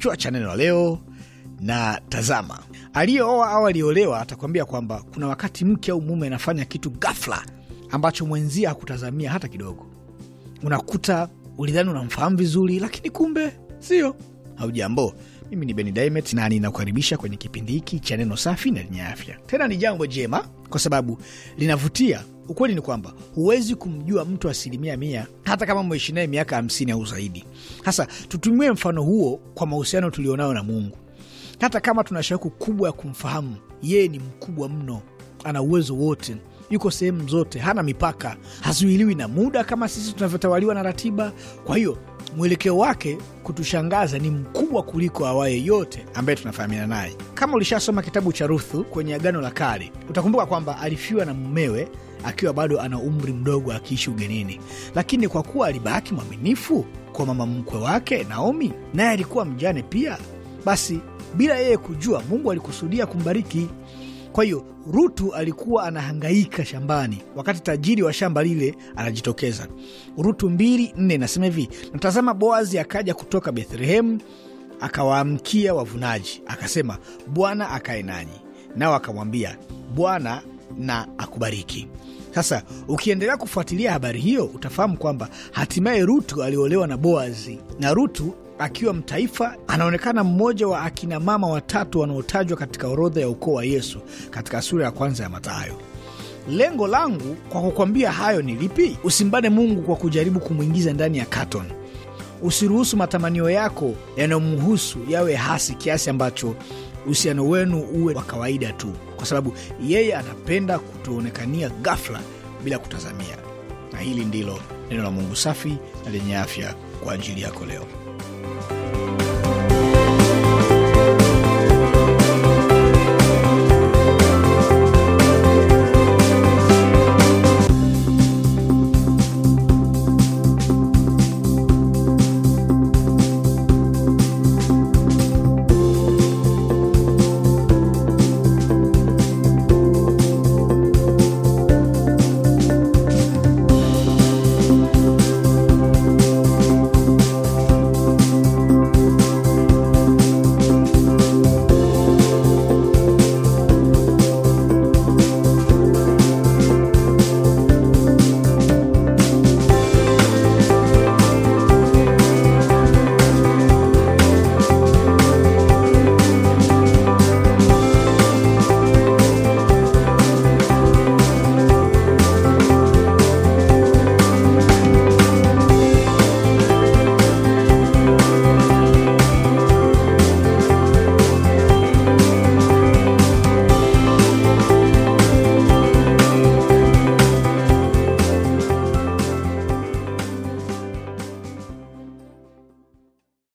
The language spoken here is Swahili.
Kichwa cha neno leo na tazama, aliyeoa au aliolewa atakwambia kwamba kuna wakati mke au mume anafanya kitu gafla ambacho mwenzia hakutazamia hata kidogo. Unakuta ulidhani unamfahamu vizuri, lakini kumbe sio. Haujambo, mimi ni Beni Dimet na ninakukaribisha kwenye kipindi hiki cha neno safi na lenye afya. Tena ni jambo jema kwa sababu linavutia ukweli ni kwamba huwezi kumjua mtu asilimia mia hata kama mweishi naye miaka hamsini au zaidi. Sasa tutumie mfano huo kwa mahusiano tulionayo na Mungu. Hata kama tuna shauku kubwa ya kumfahamu, yeye ni mkubwa mno, ana uwezo wote yuko sehemu zote, hana mipaka, hazuiliwi na muda kama sisi tunavyotawaliwa na ratiba. Kwa hiyo mwelekeo wake kutushangaza ni mkubwa kuliko awaye yote ambaye tunafahamiana naye. Kama ulishasoma kitabu cha Ruthu kwenye Agano la Kale, utakumbuka kwamba alifiwa na mumewe akiwa bado ana umri mdogo akiishi ugenini, lakini kwa kuwa alibaki mwaminifu kwa mama mkwe wake Naomi, naye alikuwa mjane pia, basi bila yeye kujua, Mungu alikusudia kumbariki. Kwa hiyo Rutu alikuwa anahangaika shambani, wakati tajiri wa shamba lile anajitokeza. Rutu mbili nne nasema hivi: natazama Boazi akaja kutoka Bethlehemu akawaamkia wavunaji, akasema, Bwana akae nanyi. Nao akamwambia, Bwana na akubariki. Sasa ukiendelea kufuatilia habari hiyo utafahamu kwamba hatimaye Rutu aliolewa na Boazi na Rutu akiwa mtaifa, anaonekana mmoja wa akina mama watatu wanaotajwa katika orodha ya ukoo wa Yesu katika sura ya kwanza ya Mathayo. Lengo langu kwa kukwambia hayo ni lipi? Usimbane Mungu kwa kujaribu kumwingiza ndani ya katon. Usiruhusu matamanio yako yanayomhusu yawe hasi kiasi ambacho uhusiano wenu uwe wa kawaida tu, kwa sababu yeye anapenda kutuonekania ghafla bila kutazamia. Na hili ndilo neno la Mungu safi na lenye afya kwa ajili yako leo. you